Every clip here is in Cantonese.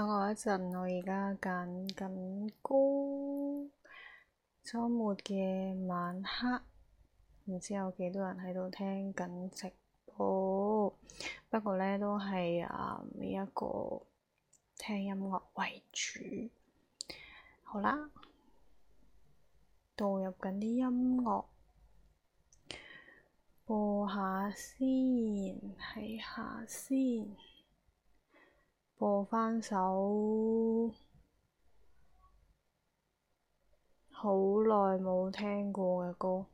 等我一陣，我而家揀緊歌。週末嘅晚黑，唔知有幾多人喺度聽緊直播。不過呢，都係啊、嗯、一個聽音樂為主。好啦，導入緊啲音樂，播下先，睇下先。播翻首好耐冇聽過嘅歌。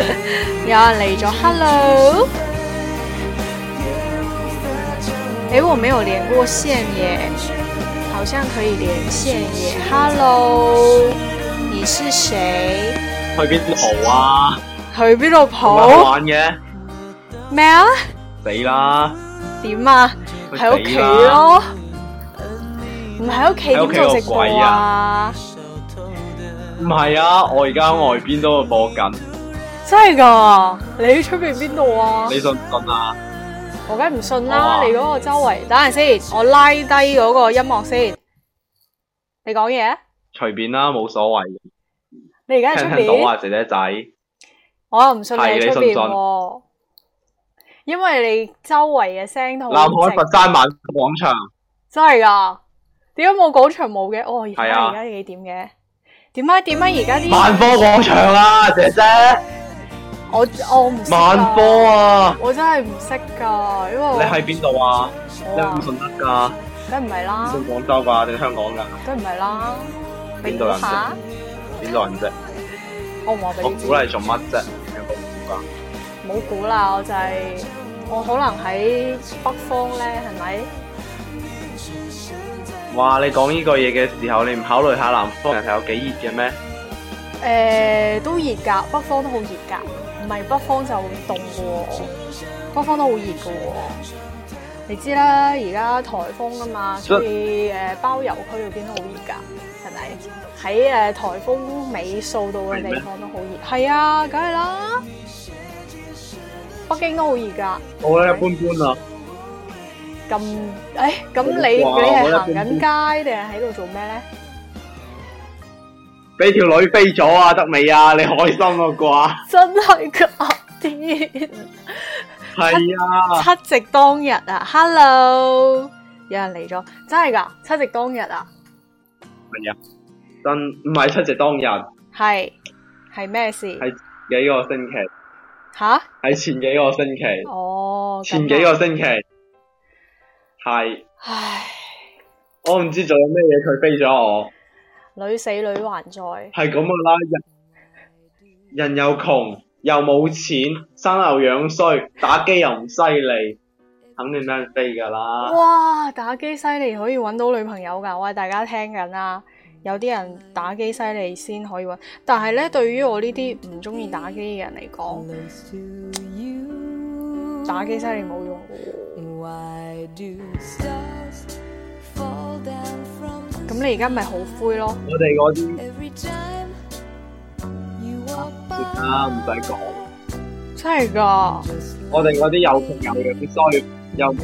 有人嚟咗 Hello 哎、欸，我沒有連過線耶，好像可以連線耶，Hello，你是誰？去邊度蒲？啊？去邊度蒲？蠻好玩嘅。咩啊？死啦！點啊？喺屋企咯。唔喺屋企點做直播啊？唔係啊，我而家、啊啊、外邊都播緊。真係噶，你喺出邊邊度啊？你信唔信啊？我梗唔信啦！Oh. 你嗰個周圍，等陣先，我拉低嗰個音樂先。你講嘢？隨便啦，冇所謂。你而家喺出邊？聽唔聽到啊，姐姐仔？我又唔信你喺出邊、啊。你信唔信？因為你周圍嘅聲都好靜。南海佛山萬廣場真係噶？點解冇廣場舞嘅？哦，而家而家幾點嘅？點解？點解而家啲？萬科廣場啦、啊，姐姐。我我唔識啊！我真係唔識噶，因為你喺邊度啊？你唔順德噶？梗唔係啦。喺廣州噶定香港噶？梗唔係啦。邊度人啫？邊、啊、度人啫 ？我唔話俾你。我估你做乜啫？香港唔過關。冇估啦，就係我可能喺北方咧，係咪？哇！你講呢個嘢嘅時候，你唔考慮下南方人係有幾熱嘅咩？誒、呃，都熱噶，北方都好熱噶。唔係北方就凍嘅，北方都好熱嘅。你知啦，而家台風啊嘛，所以誒包郵區都邊都好熱噶，係咪？喺誒台風尾掃到嘅地方都好熱。係啊，梗係啦。北京都好熱噶。我咧一般般啦。咁、嗯、誒，咁、哎嗯哎嗯、你你係行緊街定係喺度做咩咧？俾條女飛咗啊，得未啊？你開心 是那 啊？啩，真係個惡天，係啊，七夕當日啊，Hello，有人嚟咗，真係噶，七夕當日啊，係啊，啊，真唔係七夕當日，係係咩事？係幾個星期？吓？係前幾個星期？是星期哦，前幾個星期，係，唉，我唔知仲有咩嘢，佢飛咗我。女死女還在，係咁噶啦！人人又窮又冇錢，生又樣衰，打機又唔犀利，肯定得飛噶啦！哇，打機犀利可以搵到女朋友噶，喂，大家聽緊啦！有啲人打機犀利先可以搵，但係咧，對於我呢啲唔中意打機嘅人嚟講，打機犀利冇用。咁你而家咪好灰咯？我哋嗰啲，算啦，唔使講，真係噶。我哋嗰啲又窮又衰，又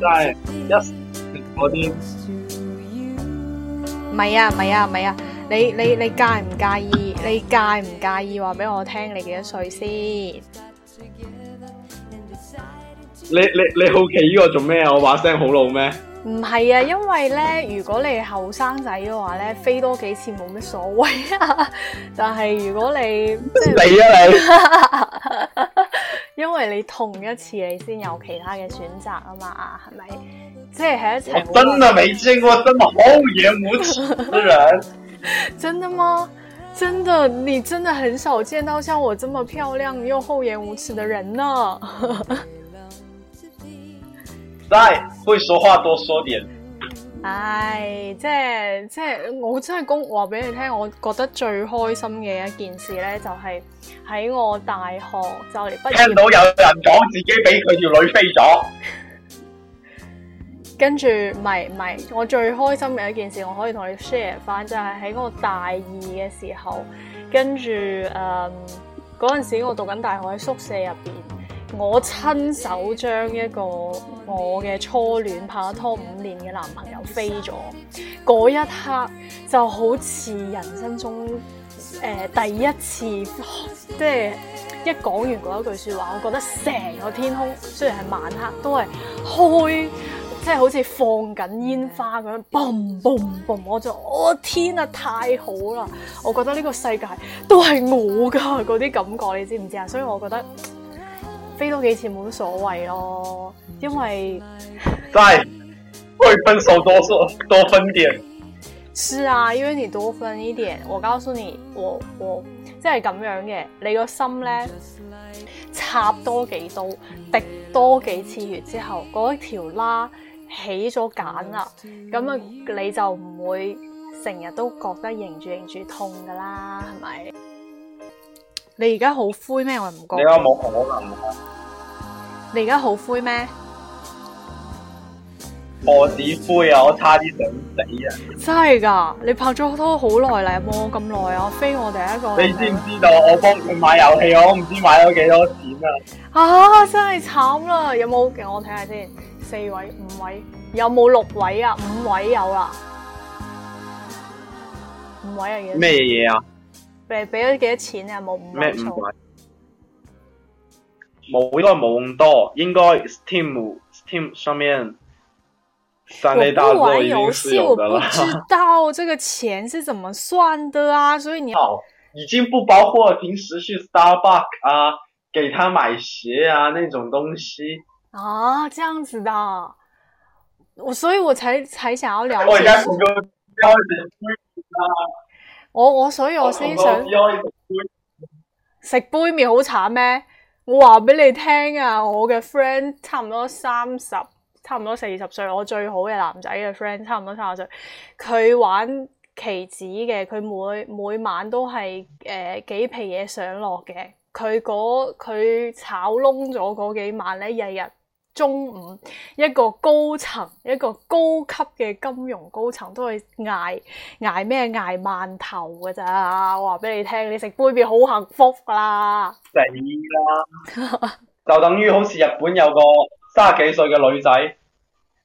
真係一嗰啲。唔係啊，唔係啊，唔係啊！你你你介唔介意？你介唔介意？話俾我聽你幾多歲先？你你你好奇呢個做咩啊？我把聲好老咩？唔係啊，因為咧，如果你後生仔嘅話咧，飛多幾次冇乜所謂啊。但係如果你，就是，你啊你， 因為你痛一次，你先有其他嘅選擇啊嘛，係咪？即係喺一齊。我真係未見過 真係厚顏無恥的人。 真的嗎？真的，你真的很少見到像我這麼漂亮又厚顏無恥的人啊。 會說話多說點。唉、哎，即係即係，我真係講話俾你聽，我覺得最開心嘅一件事呢，就係喺我大學就嚟畢業。聽到有人講自己俾佢條女飛咗，跟住唔係唔係，我最開心嘅一件事，我可以同你 share 翻，就係喺我大二嘅時候，跟住誒嗰陣時我讀緊大學喺宿舍入邊。我親手將一個我嘅初戀拍拖五年嘅男朋友飛咗嗰一刻，就好似人生中、呃、第一次，即係一講完嗰一句説話，我覺得成個天空，雖然係晚黑，都係開，即係好似放緊煙花咁樣嘣嘣嘣，我就、哦、天啊，太好啦！我覺得呢個世界都係我㗎嗰啲感覺，你知唔知啊？所以我覺得。飛多幾次冇所謂咯，因為真係會分手多說多分點， 是啊，因為你多分一點我告訴你，我，我，即係咁樣嘅，你個心咧插多幾刀，滴多幾次血之後，嗰條啦起咗繭啦，咁啊你就唔會成日都覺得忍住忍住痛噶啦，係咪？你而家好灰咩？我唔講。你話冇可能啊！你而家好灰咩？我屎灰啊！我差啲想死啊！真係噶，你拍咗拖好耐啦，有冇咁耐啊？我飛我第一個。你知唔知道我幫佢買遊戲，我唔知道買咗幾多錢啊！啊，真係慘啦！有冇我睇下先？四位、五位，有冇六位啊？五位有啦，啊。五位啊嘢。咩嘢嘢啊？你俾咗幾多錢啊？冇咁多，冇應該冇咁多，應該 Steam Steam 上面三 A 大作已經係有的啦。我不玩遊戲，我不知道這個錢是怎麼算的啊！所以你已經不包括平時去 Starbucks 啊，給他買鞋啊那種東西啊，這樣子的，我所以我才才想要了解。我應該我我所以我先想食杯麵好慘咩？我話俾你聽啊！我嘅 friend 差唔多三十，差唔多四十歲，我最好嘅男仔嘅 friend 差唔多三十歲，佢玩棋子嘅，佢每每晚都係誒、呃、幾皮嘢上落嘅，佢佢炒窿咗嗰幾萬咧，日日。中午一個高層，一個高級嘅金融高層，都係捱捱咩捱饅頭㗎咋？我話俾你聽，你食杯麵好幸福㗎喇！死啦！ 就等於好似日本有個三十幾歲嘅女仔，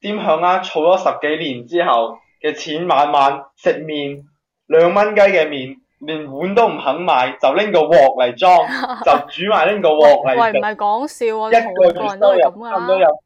點響啦、啊？儲咗十幾年之後嘅錢晚，晚晚食麵兩蚊雞嘅麵。連碗都唔肯買，就拎個鑊嚟裝，就煮埋拎個鑊嚟。 喂，唔係講笑啊，同個人都係咁，同個人都係咁、啊。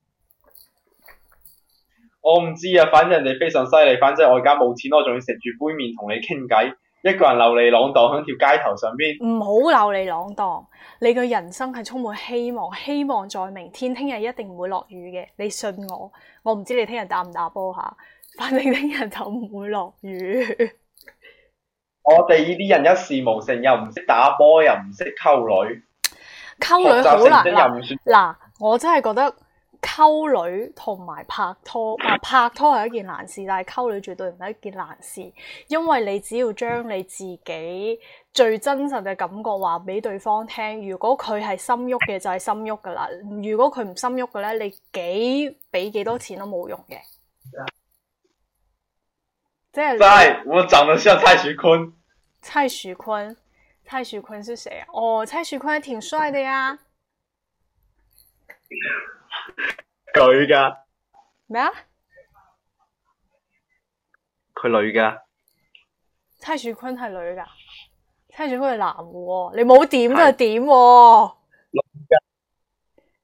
我唔知啊，反正你非常犀利。反正我而家冇錢，我仲要食住杯麵同你傾偈。一個人流離浪蕩喺條街頭上邊，唔好流離浪蕩。你嘅人生係充滿希望，希望在明天，天，聽日一定唔會落雨嘅。你信我。我唔知你聽日打唔打波吓，反正聽日就唔會落雨。我哋呢啲人一事無成，又唔識打波，又唔識溝女，溝女好難識，又唔算。嗱，我真係覺得溝女同埋拍拖，嗱、 啊、拍拖係一件難事，但係溝女絕對唔係一件難事，因為你只要將你自己最真實嘅感覺話俾對方聽，如果佢係心喐嘅就係、是、心喐噶啦，如果佢唔心喐嘅咧，你幾俾幾多錢都冇用嘅。 真係，我長得像蔡徐坤。蔡徐坤，蔡徐坤是誰啊？哦，蔡徐坤挺帥的呀。佢噶咩佢女噶。咩、哦哦、啊？佢女噶。蔡徐坤係女噶？蔡徐坤係男嘅，你冇點就點。女噶。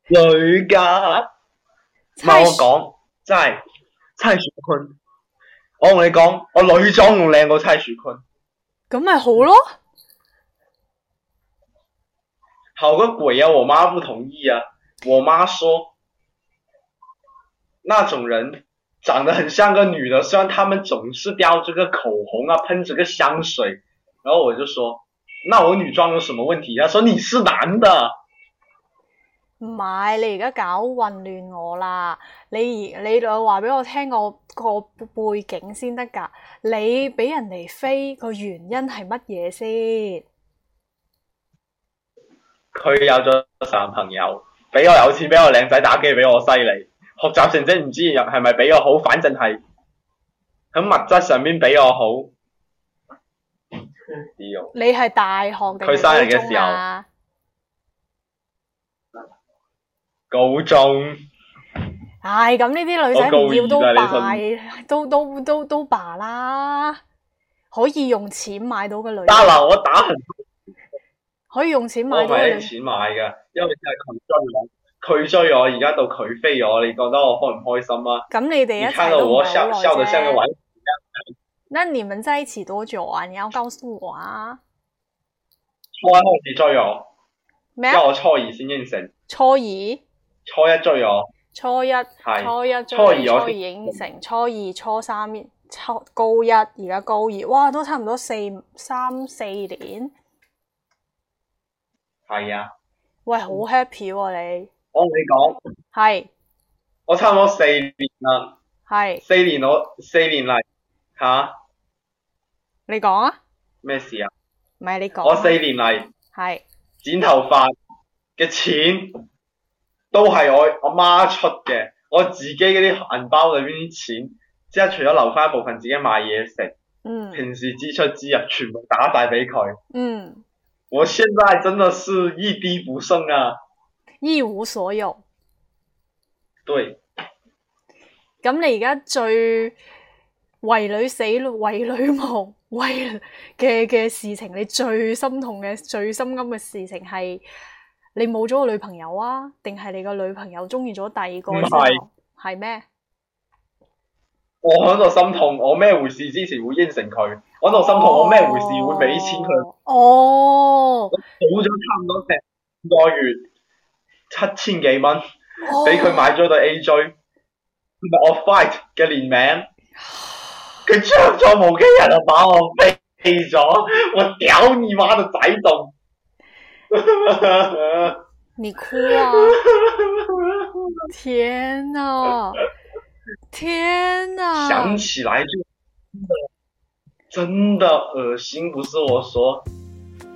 女噶。唔係我講，真係蔡徐坤。我同你講，我女裝唔靚過蔡徐坤，咁咪好咯？好個鬼啊！我媽不同意啊！我媽說，那種人長得很像個女的，雖然他們總是叼着個口紅啊，噴着個香水。然後我就說，那我女裝有什麼問題啊？他說你是男的。唔係，你而家搞混亂我啦！你而你又話俾我聽我個背景先得噶，你俾人哋飛個原因係乜嘢先？佢有咗男朋友，比我有錢，比我靚仔，打機比我犀利，學習成績唔知係咪比我好，反正係喺物質上面比我好。你係大學佢生你嘅時候？高中。唉、哎，咁呢啲女仔唔要都賣，都敗都都都罷啦。可以用錢買到嘅女，得啦，我打可以用錢買到。我係用錢買嘅，因為你係佢追我，佢追我而家到佢飛我，你覺得我開唔開心啊？咁你哋一日都留咗。那你們在一起多久啊？你要告訴我啊。初一開始追我，咩？因為我初二先應承。初二，初一追我。初一，初一、初一、初二，我初二影成初二、初三、初高一，而家高二，哇，都差唔多四三四年。係啊！喂，好 happy、啊、你。我、哦、同你講。係。我差唔多四年啦。係。四年我四年嚟，吓？你講啊？咩事啊？唔係你講。我四年嚟。係。剪頭髮嘅錢。都係我阿媽出嘅，我自己嗰啲銀包裏邊啲錢，即係除咗留翻一部分自己買嘢食、嗯，平時支出支入全部打晒俾佢。嗯，我現在真的是一滴不剩啊，一無所有。對，咁你而家最為女死為女亡為嘅嘅事情，你最心痛嘅最心甘嘅事情係？你冇咗個女朋友啊？定係你個女朋友中意咗第二個女仔，係咩？我喺度心痛，我咩回事？之前會應承佢，我喺度心痛，我咩回事會？會俾錢佢？哦，我賭咗差唔多成個月七千幾蚊，俾、哦、佢買咗對 AJ，唔係我 Fight 嘅聯名，佢着咗無機人就把我飛咗，我屌你媽的仔種！ 你哭啊！天哪，天哪！想起來就真的真的惡心，不是我說，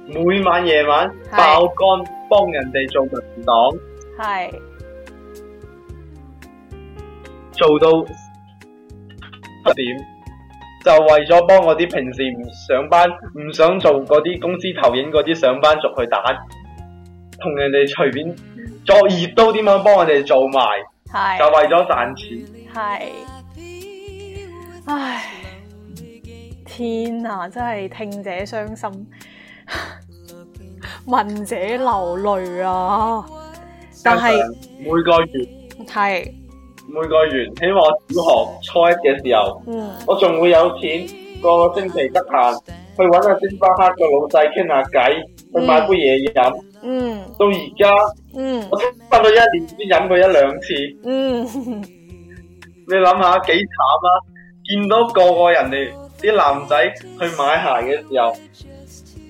每晚夜晚，Hi. 爆肝幫人哋做文檔，係做到八點。就為咗幫我啲平時唔上班、唔想做嗰啲公司投影嗰啲上班族去打，同人哋隨便作業都點樣幫我哋做埋，就為咗賺錢。係，唉，天啊，真係聽者傷心，聞 者流淚啊！但係每個月係。每個月喺我小學初一嘅時候，嗯、我仲會有錢個星期得閒去搵下星巴克個老細傾下偈，去買杯嘢飲、嗯嗯。到而家、嗯，我差唔多一年先飲過一兩次。嗯、你諗下幾慘啊！見到個個人哋啲男仔去買鞋嘅時候，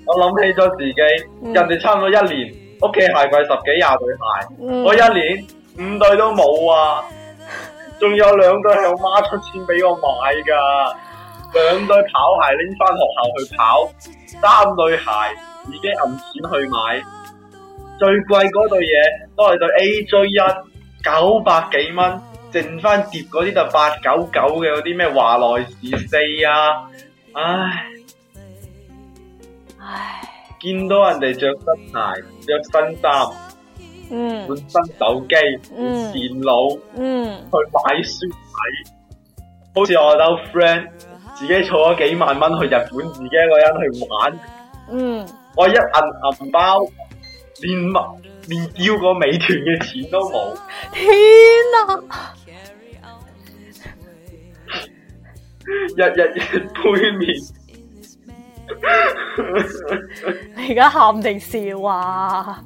我諗起咗自己，嗯、人哋差唔多一年屋企、嗯、鞋櫃十幾廿對鞋，我、嗯、一年五對都冇啊！仲有兩對係我媽出錢俾我買噶，兩對跑鞋拎翻學校去跑，三對鞋已經冚錢去買。最貴嗰對嘢都係對 AJ 一，九百幾蚊，剩翻碟嗰啲就八九九嘅嗰啲咩華萊士四啊，唉唉，見到人哋着新鞋，着新衫。嗯、本身手機，電、嗯、腦、嗯，去買書睇，好似我兜 friend 自己儲咗幾萬蚊去日本，自己一個人去玩。嗯，我一銀銀包，連物連叫個美團嘅錢都冇。天啊！日日日杯麵，你而家喊定笑啊？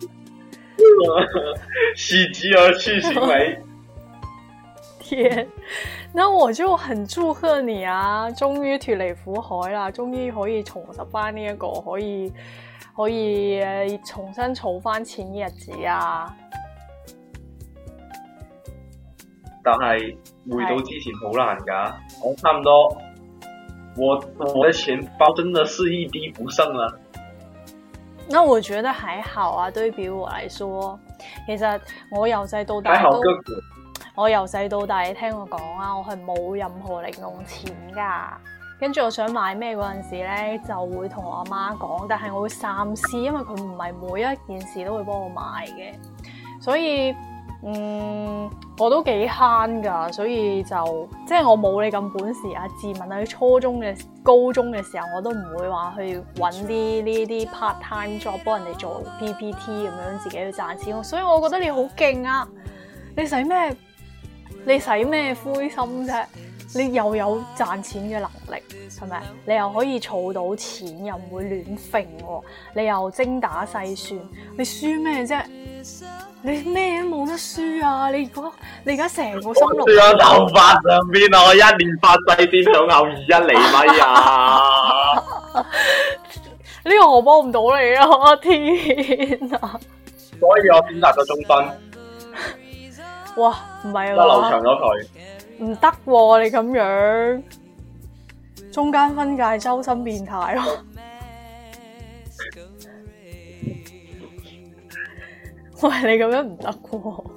喜 極而泣，行為，天，那我就很祝賀你啊！終於脫離苦海啦，終於可以重拾翻呢一個可以可以重新儲翻錢的日子啊！但係回到之前好難噶、哎，我差唔多我我的錢包真的是一滴不剩啦。那、啊、我覺得還好啊，對表我嚟說，其實我由細到大都，我由細到大，聽我講啊，我係冇任何零用錢噶，跟住我想買咩嗰陣時咧，就會同我阿媽講，但係我會三思，因為佢唔係每一件事都會幫我買嘅，所以。嗯，我都幾慳噶，所以就即係、就是、我冇你咁本事啊。自問喺初中嘅、高中嘅時候，我都唔會話去搵啲呢啲 part time job 幫人哋做 PPT 咁樣自己去賺錢。所以我覺得你好勁啊！你使咩？你使咩灰心啫？你又有賺錢嘅能力，係咪？你又可以儲到錢，又唔會亂揈喎、哦。你又精打細算，你輸咩啫？你咩冇得輸啊！你而家你而家成個心落，我頭髮上邊啊，我一年髮細啲咗牛二一厘米啊！呢個我幫唔到你啊！我天啊！所以我選擇咗中分。哇！唔係啊，我留長咗佢。唔得喎！你咁樣中間分界周身變態咯，喂！你咁樣唔得喎！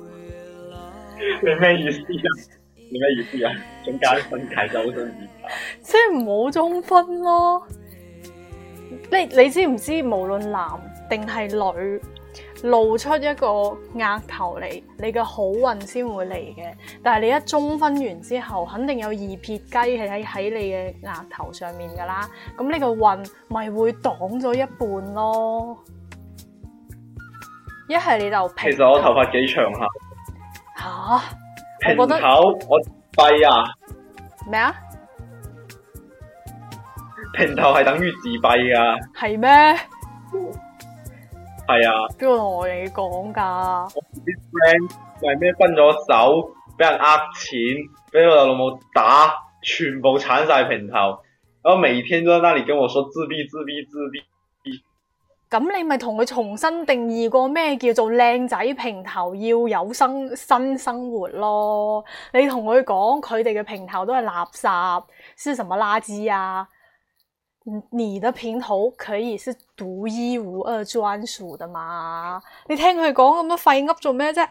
你咩意思啊？你咩意思啊？中間分界周身變態，即係唔好中分咯。你你知唔知無論男定係女？露出一個額頭嚟，你嘅好運先會嚟嘅。但係你一中分完之後，肯定有二撇雞係喺喺你嘅額頭上面噶啦。咁呢個運咪會擋咗一半咯。一係你就平頭，其實我頭髮幾長下吓、啊，平頭我閉啊咩啊平頭係等於自閉啊？係咩？係啊，邊個同你講噶？我啲 friend 為咩分咗手，俾人呃錢，俾老豆老母打，全部鏟晒平頭，然後每天都喺那裏跟我說自閉自閉自閉。咁你咪同佢重新定義過咩叫做靚仔平頭要有生新生活咯？你同佢講，佢哋嘅平頭都係垃圾，是什麼垃圾啊？你的平頭可以是獨一無二專屬的嘛？你聽佢講咁多廢噏做咩啫？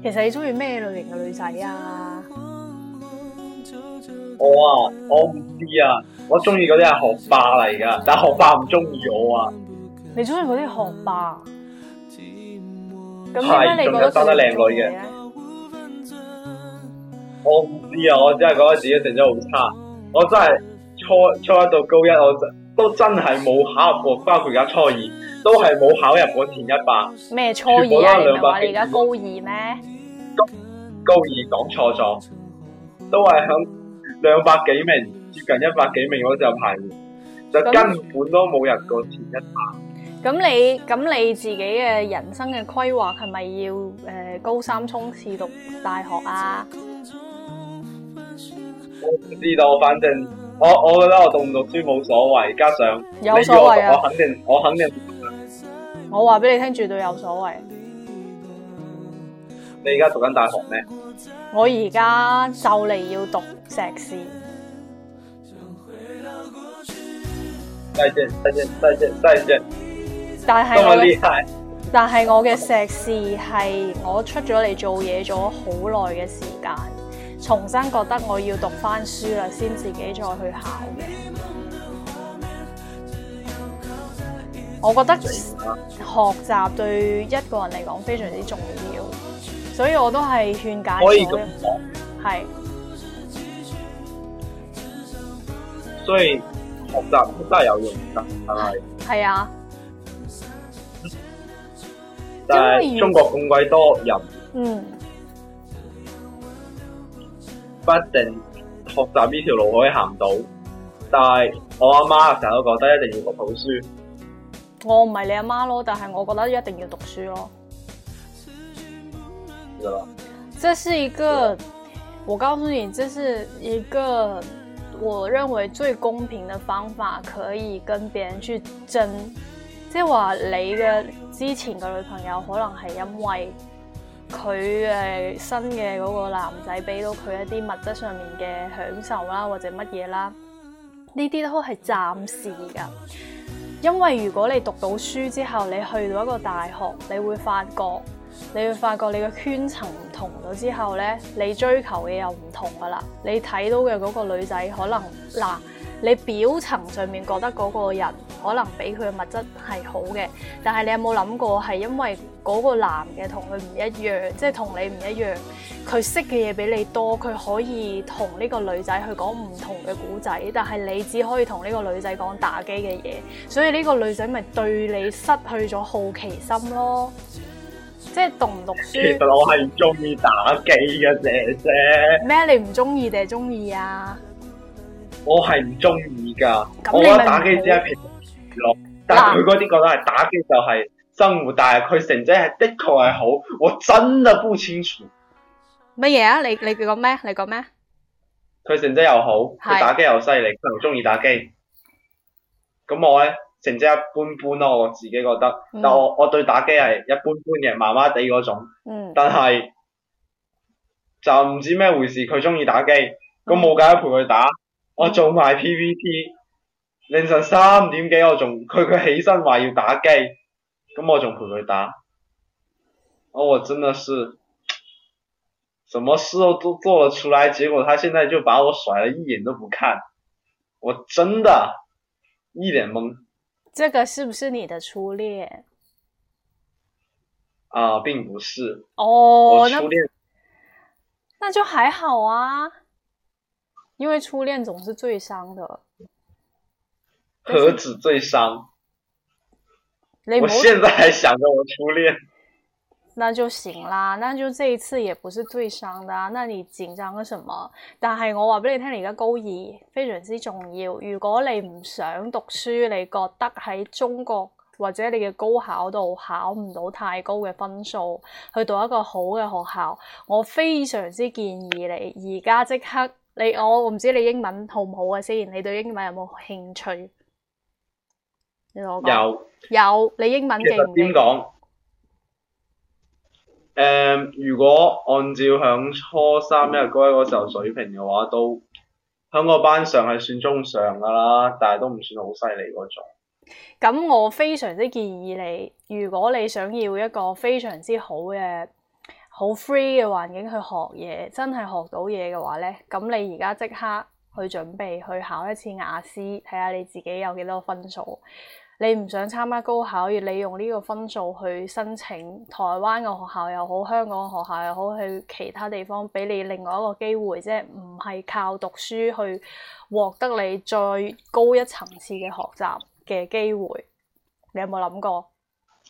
其實你中意咩類型嘅女仔啊？我啊，我唔知啊，我中意嗰啲係學霸嚟噶，但係學霸唔中意我啊。你中意嗰啲學霸？係，仲有生得靚女嘅，我唔知啊！我真係覺得自己成績好差，我真係初初一到高一，我都真係冇考入過，包括而家初二，都係冇考入過前一百。咩初二啊？全部都係兩百幾，你而家高二咩？高高二講錯咗，都係響兩百幾名，接近一百幾名嗰陣排名，就根本都冇入過前一百。咁你咁你自己嘅人生嘅規劃係咪要誒、呃、高三衝刺讀大學啊？我唔知道，反正我我覺得我讀唔讀書冇所謂，加上我讀，有所謂、啊，我肯定，我肯定，我話俾你聽，絕對有所謂。你而家讀緊大學咩？我而家就嚟要讀碩士。再見，再見，再見，再見。但係我的，但係我嘅碩士係我出咗嚟做嘢咗好耐嘅時間，重新覺得我要讀返書啦，先自己再去考嘅。我覺得學習對一個人嚟講非常之重要，所以我都係勸解咗。可以咁講，係。所以學習真係有用㗎，係咪？係啊。但係中國咁鬼多人，嗯，不定學習呢條路可以行到。但係我阿媽成日都覺得一定要讀好書。我唔係你阿媽咯，但係我覺得一定要讀書咯。對啦，這是一個，嗯、我告訴你，這是一個我認為最公平的方法，可以跟別人去爭。即係話你嘅之前嘅女朋友可能係因為佢嘅新嘅嗰個男仔俾到佢一啲物質上面嘅享受啦，或者乜嘢啦，呢啲都係暫時噶。因為如果你讀到書之後，你去到一個大學，你會發覺，你會發覺你嘅圈層唔同咗之後咧，你追求嘅又唔同噶啦。你睇到嘅嗰個女仔可能嗱、啊。你表層上面覺得嗰個人可能畀佢嘅物質係好嘅，但係你有冇諗過係因為嗰個男嘅同佢唔一樣，即係同你唔一樣，佢識嘅嘢比你多，佢可以同呢個女仔去講唔同嘅古仔，但係你只可以同呢個女仔講打機嘅嘢，所以呢個女仔咪對你失去咗好奇心咯，即係讀唔讀書？其實我係唔中意打機嘅姐姐。咩？你唔中意定係中意啊？我係唔中意噶，我覺得打機只係平時娛樂，但係佢嗰啲覺得係打機就係生活，啊、但係佢成績係的確係好，我真係不清楚乜嘢啊！你你講咩？你講咩？佢成績又好，佢打機又犀利，佢又中意打機。咁我咧成績一般般咯，我自己覺得，嗯、但我我對打機係一般般嘅，麻麻地嗰種。嗯、但係就唔知咩回事，佢中意打機，咁冇計，陪佢打。我做埋 PPT，凌晨三點幾我仲佢佢起身話要打機，咁我仲陪佢打。哦，我真的是，什麼事都做得出來，結果他現在就把我甩了一眼都不看，我真的，一臉懵。這個是不是你的初戀？啊、呃，並不是。哦、oh，初戀，那，那就還好啊。因為初戀總是最傷的，何止最傷？你我現在還想着我初戀。那就行啦，那就這一次也不是最傷的啊。那你緊張個什麼？但係我話俾你聽，你而家高二非常之重要。如果你唔想讀書，你覺得喺中國或者你嘅高考度考唔到太高嘅分數，去到一個好嘅學校，我非常之建議你而家即刻。你我唔知你英文好唔好啊？先，你對英文有冇興趣？你有有，你英文勁點講？誒、嗯，如果按照響初三、一、高嗰時候水平嘅話，都響個班上係算中上噶啦，但係都唔算好犀利嗰種。咁我非常之建議你，如果你想要一個非常之好嘅。好 free 嘅環境去學嘢，真係學到嘢嘅話呢，咁你而家即刻去準備去考一次雅思，睇下你自己有幾多分數。你唔想參加高考，要利用呢個分數去申請台灣嘅學校又好，香港嘅學校又好，去其他地方俾你另外一個機會，即係唔係靠讀書去獲得你再高一層次嘅學習嘅機會，你有冇諗過？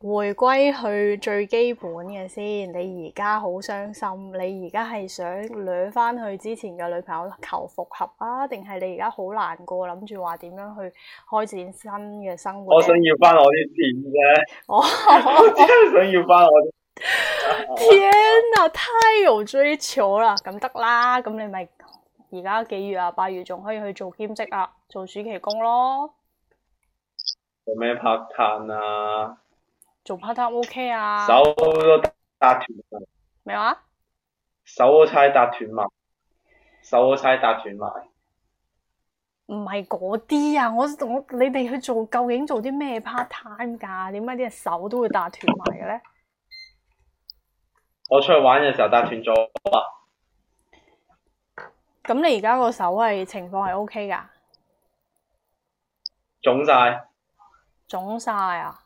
回歸去最基本嘅先，你而家好傷心，你而家係想攞翻去之前嘅女朋友求復合啊？定係你而家好難過，諗住話點樣去開展新嘅生活？我想要翻我啲錢嘅，哦、 我只係想要翻我啲錢。 天啊，太有追求啦！咁得啦，咁你咪而家幾月啊？八月仲可以去做兼職啊，做暑期工咯。做咩 part time 啊？做 part time OK 啊！手都搭斷埋。咩話？手都差搭斷埋，手都差搭斷埋。唔係嗰啲啊！我我你哋去做究竟做啲咩 part time 㗎？點解啲手都會搭斷埋嘅咧？我出去玩嘅時候搭斷咗啊！咁你而家個手係情況係 OK 㗎？腫晒，腫晒啊！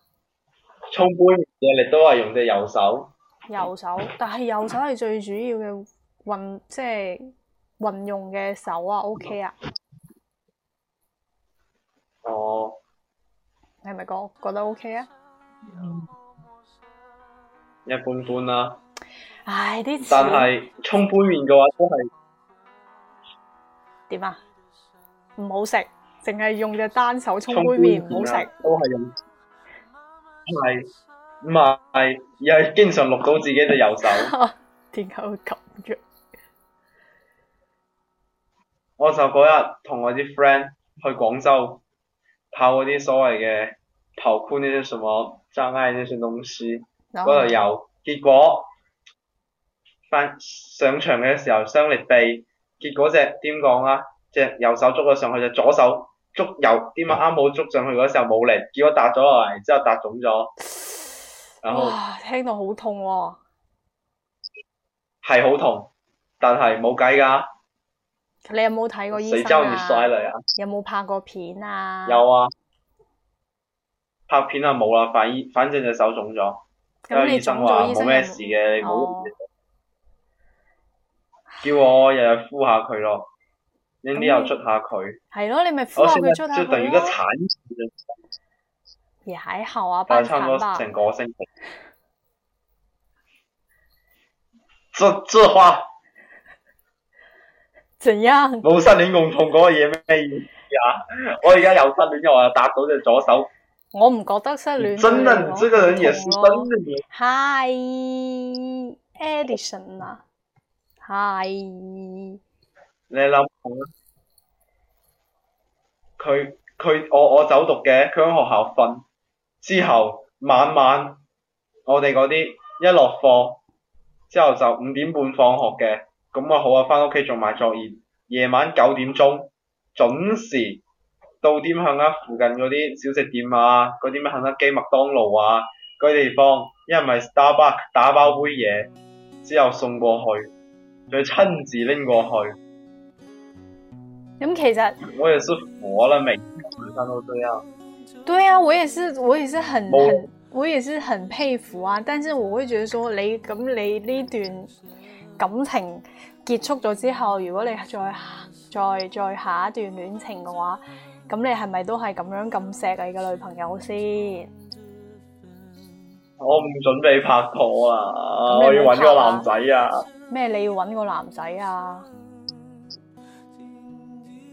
沖杯麵嘅你都係用隻右手，右手，但係右手係最主要嘅運，即係運用嘅手啊，OK 啊？哦，你係咪覺覺得 OK 啊？一般般啦，唉，啲，但係沖杯麵嘅話都係點啊？唔好食，淨係用隻單手沖杯麵唔好食，都係用。唔係，唔係，又係經常錄到自己隻右手。點解會咁樣？我就嗰日同我啲 friend 去廣州跑嗰啲所謂嘅跑酷，呢啲什麼障礙呢啲東西，嗰度有。結果翻上場嘅時候雙力臂，結果隻點講啊？隻右手捉咗上去，隻左手。捉油啲物啱好捉上去嗰時候冇力，結果搭咗落嚟，之後搭腫咗。然後，聽到好痛喎、哦！係好痛，但係冇計噶。你有冇睇過醫生啊？水水水啊，有冇拍過片啊？有啊，拍片啊冇啦，反反正隻手腫咗。咁醫生話冇咩事嘅，你、哦、冇。叫我日日敷下佢咯。你又捽下佢，係咯，你咪扶出佢捽下佢咯。也還、啊、好啊，差唔多成個星期這這話怎樣？謀殺靈工通過，咩意思呀？我而家又失戀，又話搭到隻左手。我唔覺得失戀，真你呢個人也失真的。Hi，Edison 啊、哦、，Hi。你諗好佢佢我我走讀嘅，佢喺學校瞓之後晚晚我哋嗰啲一落課之後就五點半放學嘅，咁啊好啊，翻屋企做埋作業，夜晚九點鐘準時到點向啊附近嗰啲小食店啊，嗰啲咩肯德基麥當勞、啊、麥當勞啊嗰啲地方，一唔係 Starbucks 打包杯嘢之後送過去，再親自拎過去。咁其實，我也是服了，每次都這樣。對啊，我也是，我也是很，很，我也是很佩服啊！但是我會覺得說，你咁你呢段感情結束咗之後，如果你再再再下一段戀情嘅話，咁你係咪都係咁樣咁錫你嘅女朋友先？我唔準備拍拖啊，我要搵個男仔啊！咩？你要搵個男仔啊？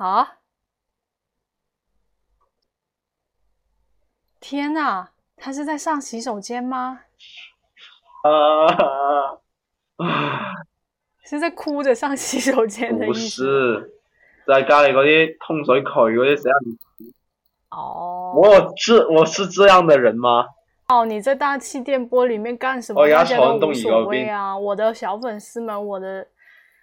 啊！天哪，他是在上洗手間嗎？啊！啊是在哭着上洗手間的意思嗎？不是，在隔籬嗰啲通水口嗰啲這樣子哦，我是我是這樣的人嗎？哦，你在大氣電波裏面幹什麼，啊？哦，牙，我的小粉絲們，我的。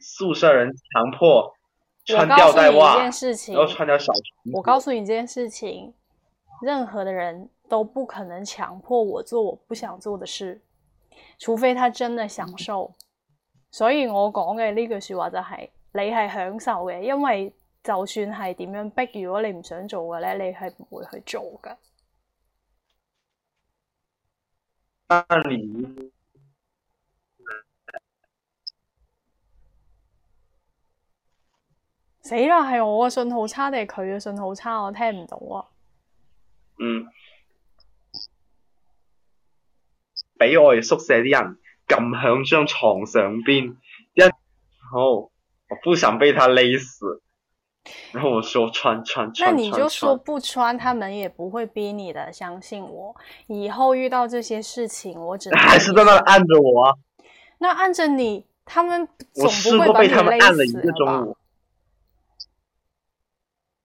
宿舍人強迫穿吊帶襪，然後穿條我告訴你一件事情，我告訴你一件事情：任何的人都不可能強迫我做我不想做的事，除非他真的享受。所以我講嘅呢句說話就係、是，你係享受嘅，因為就算係點樣逼，如果你唔想做嘅咧，你係唔會去做噶。那你？死啦！係我嘅信號差定係佢嘅信號差？我聽唔到啊！嗯，俾我哋宿舍啲人撳響張床上邊，然後，我不想被他勒死。然後我說穿穿穿。那你就說不穿，他們也不會逼你的，相信我。以後遇到這些事情，我只能還是在那按着我。啊。那按着你，他們總不會是我試過被他們按了一個中午。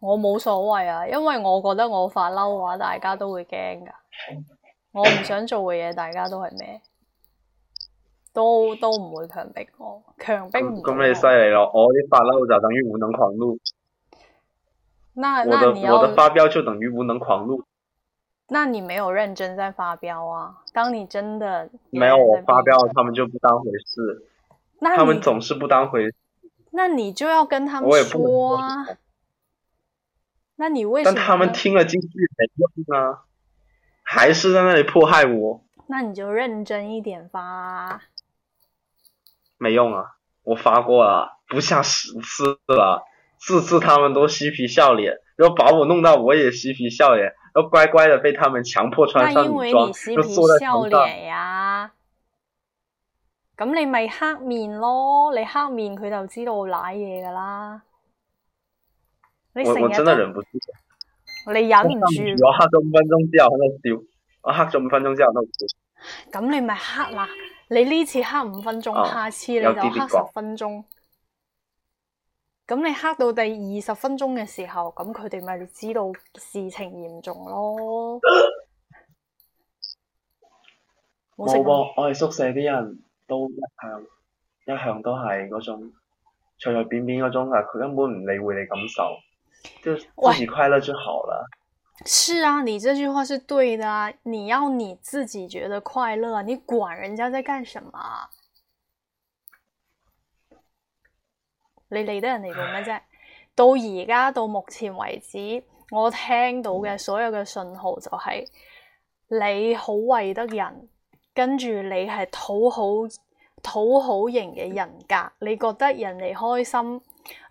我冇所謂啊，因為我覺得我發嬲嘅話大的我的， 大家都會驚噶。我唔想做嘅嘢，大家都係咩？都都唔會強迫我，強迫唔。咁你犀利咯！我啲發嬲就等於無能狂怒。那那而我的發飆就等於無能狂怒。那你沒有認真在發飆啊？當你真的真沒有我發飆，他們就不當回事。他們總是不當回事。那你就要跟他們說啊。那你為什麼？但他們聽了進去沒用啊，還是在那裏迫害我。那你就認真一點吧。沒用啊，我發過了，不下十次了，次次他們都嬉皮笑臉，然後把我弄到我也嬉皮笑臉，然後乖乖的被他們強迫穿上女裝，因為你嬉皮笑臉呀。咁你咪黑面咯，你黑面佢就知道我賴嘢㗎啦。人我我真係忍唔住忍唔住，你忍唔住？我黑咗五分鐘之後喺度笑，我黑咗五分鐘之後都唔笑。咁你咪黑啦！你呢次黑五分鐘，啊，下次你就黑十分鐘。咁你黑到第二十分鐘嘅時候，咁佢哋咪知道事情嚴重咯。冇、啊啊、我我哋宿舍啲人都一向一向都係嗰種隨隨便便嗰種，佢佢根本唔理會你感受。就自己快樂就好了。是啊，你這句話是對的啊。你要你自己覺得快樂，你管人家在幹什麼？你理得人哋做咩啫？到而家到目前為止，我聽到嘅所有嘅訊號就係、是嗯，你好為得人，跟住你係討好討好型嘅人格，你覺得人哋開心？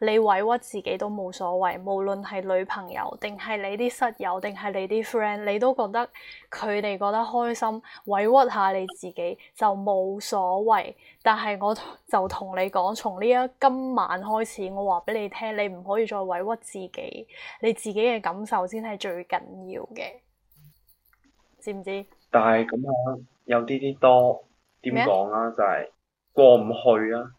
你委屈自己都冇所謂，無論係女朋友，定係你啲室友，定係你啲 friend，你都覺得佢哋覺得開心，委屈下你自己就冇所謂。但係我就同你講，從呢一今晚開始，我話俾你聽，你唔可以再委屈自己，你自己嘅感受先係最緊要嘅，知唔知？但係咁樣，有啲啲多，點講啊，就係、是、過唔去啊。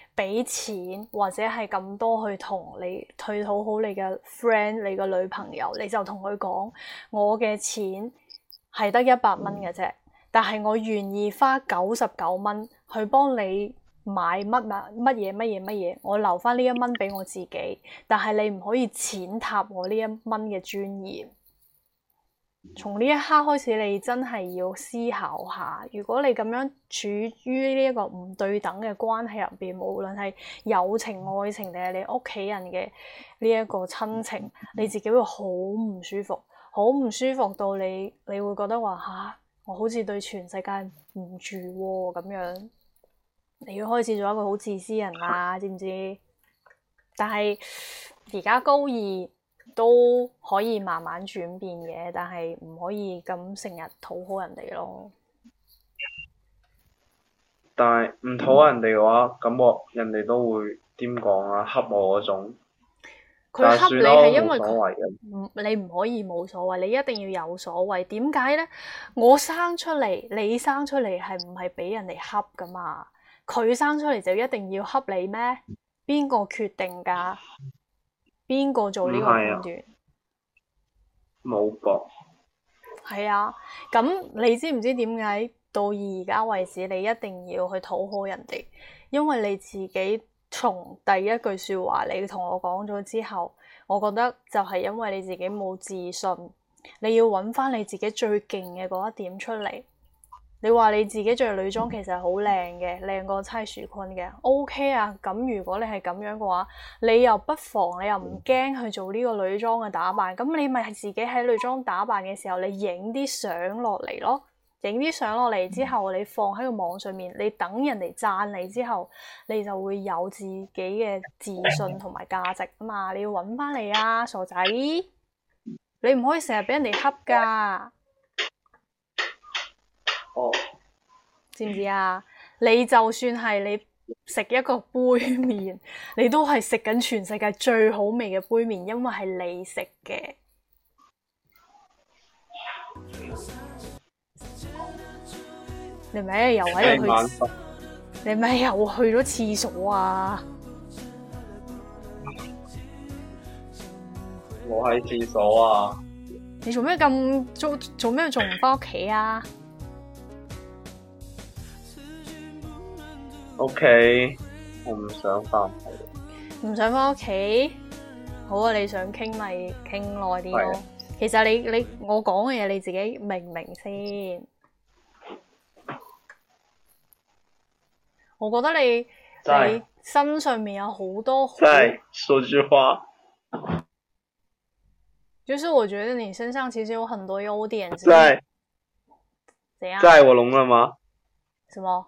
俾錢或者係咁多去同你退討好你嘅 friend，你嘅女朋友，你就同佢講，我嘅錢係得一百蚊嘅啫，但係我願意花九十九蚊去幫你買乜嘢乜嘢乜嘢乜嘢，我留返呢一蚊俾我自己，但係你唔可以踐踏我呢一蚊嘅尊嚴。從呢一刻開始，你真係要思考下，如果你咁樣處於呢一個唔對等嘅關係入邊，無論係友情、愛情定係你屋企人嘅呢一個親情，你自己會好唔舒服，好唔舒服到你你會覺得話吓、啊，我好似對全世界唔住咁、啊、樣，你要開始做一個好自私人啦，知唔知？但係而家高二。都可以慢慢轉變嘅，但係唔可以咁成日討好人哋咯。但係唔討好人哋嘅話，咁、嗯、我人哋都會點講啊，恰我嗰種。佢恰你係因為佢，你唔可以冇所謂，你一定要有所謂。點解呢？我生出嚟，你生出嚟係唔係俾人哋恰噶嘛？佢生出嚟就一定要恰你咩？邊個決定噶？邊個做呢個判斷？冇個。係啊，咁、啊、你知唔知點解到而家為止，你一定要去討好人哋？因為你自己從第一句説話你同我講咗之後，我覺得就係因為你自己冇自信，你要揾翻你自己最勁嘅嗰一點出嚟。你話你自己着女裝其實好靚嘅，靚過差樹坤嘅，OK 啊。咁如果你係咁樣嘅話，你又不妨你又唔驚去做呢個女裝嘅打扮。咁你咪自己喺女裝打扮嘅時候，你影啲相落嚟咯。影啲相落嚟之後，你放喺個網上面，你等人哋讚你之後，你就會有自己嘅自信同埋價值啊嘛。你要揾翻嚟啊，傻仔！你唔可以成日俾人哋恰噶。哦、oh，知唔知啊？你就算係你食一個杯麵，你都係食緊全世界最好味嘅杯麵，因為係你食嘅。 你咪又喺度去？ 你咪又去咗廁所啊？ 我喺廁所啊！你做咩咁做？做咩仲唔返屋企啊？ok 我唔想返屋企。唔想返屋企？好啊，你想傾咪傾耐啲咯。其實你你我講嘅嘢你自己明唔明先？我覺得你在你身上面有很多好多。在說句話，就是我覺得你身上其實有很多優點在在我聾了嗎？什麼？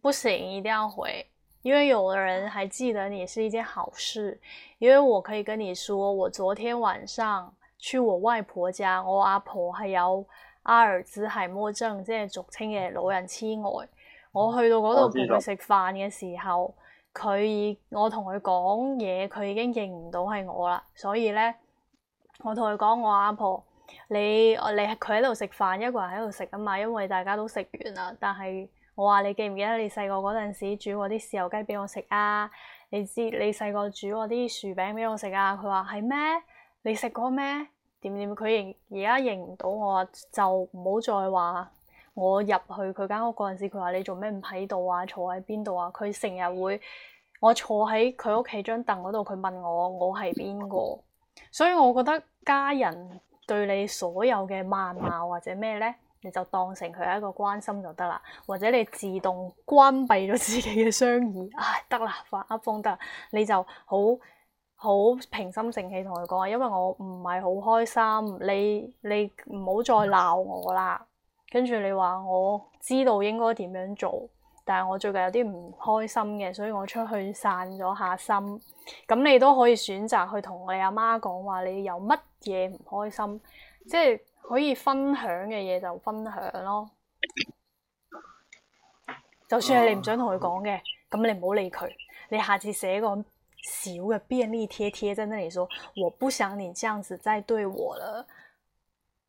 不行，一定要回，因為有的人還記得你是一件好事。因為我可以跟你說，我昨天晚上去我外婆家，我阿婆係有阿爾茲海默症，即係俗稱嘅老人痴呆、呃。我去到嗰度陪佢食飯嘅時候，佢我同佢講嘢，佢已經認唔到係我啦。所以咧，我同佢講，我阿婆，你你佢喺度食飯，一個人喺度食啊嘛，因為大家都食完啦，但係。我話你記唔記得你細個嗰陣時煮過啲豉油雞俾我食啊？你知你細個煮過啲薯餅俾我食啊？佢話係咩？你食過咩？點點？佢認而家認唔到我，就唔好再話我入去佢間屋嗰陣時，佢話你做咩唔喺度啊？坐喺邊度啊？佢成日會我坐喺佢屋企張凳嗰度，佢問我我係邊個？所以我覺得家人，對你所有嘅謾罵或者咩呢，你就當成佢係一個關心就得啦，或者你自動關閉咗自己嘅雙耳，唉、哎，得啦，發阿瘋得啦，你就好好平心靜氣同佢講話，因為我唔係好開心，你你唔好再鬧我啦，跟住你話我知道應該點樣做。但係我最近有啲唔開心嘅，所以我出去散咗下心。咁你都可以選擇去同你阿媽講話，你有乜嘢唔開心，即係可以分享嘅嘢就分享咯。就算係你唔想同佢講嘅，咁、啊、你唔好理佢。你下次寫個小嘅便利貼貼在那裡說我不想你這樣子再對我了。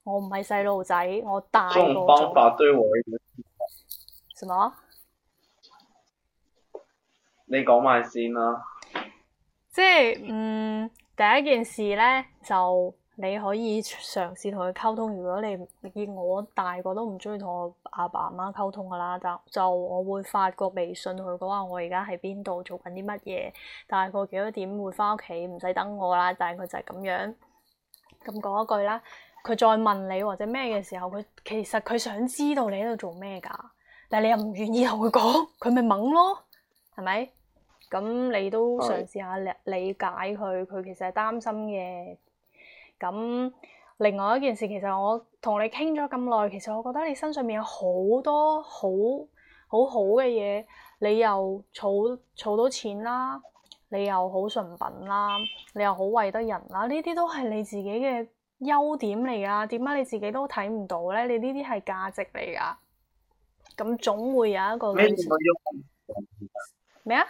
我唔係細路仔，我大。這方法對我什麼？你講埋先啦，即係嗯，第一件事咧，就你可以嘗試同佢溝通。如果你以我大個都唔中意同我阿爸阿媽溝通噶啦，就就我會發個微信同佢講話我而家喺邊度做緊啲乜嘢，大概幾多點會翻屋企，唔使等我啦。但係佢就係咁樣咁講一句啦。佢再問你或者咩嘅時候，佢其實佢想知道你喺度做咩噶，但係你又唔願意同佢講，佢咪懵咯，係咪？咁你都嘗試下理解佢，佢其實係擔心嘅。咁另外一件事，其實我同你傾咗咁耐，其實我覺得你身上面有好多好好好嘅嘢，你又儲儲到錢啦，你又好純品啦，你又好為得人啦，呢啲都係你自己嘅優點嚟㗎。點解你自己都睇唔到咧？你呢啲係價值嚟㗎。咁總會有一個咩啊？什麼什麼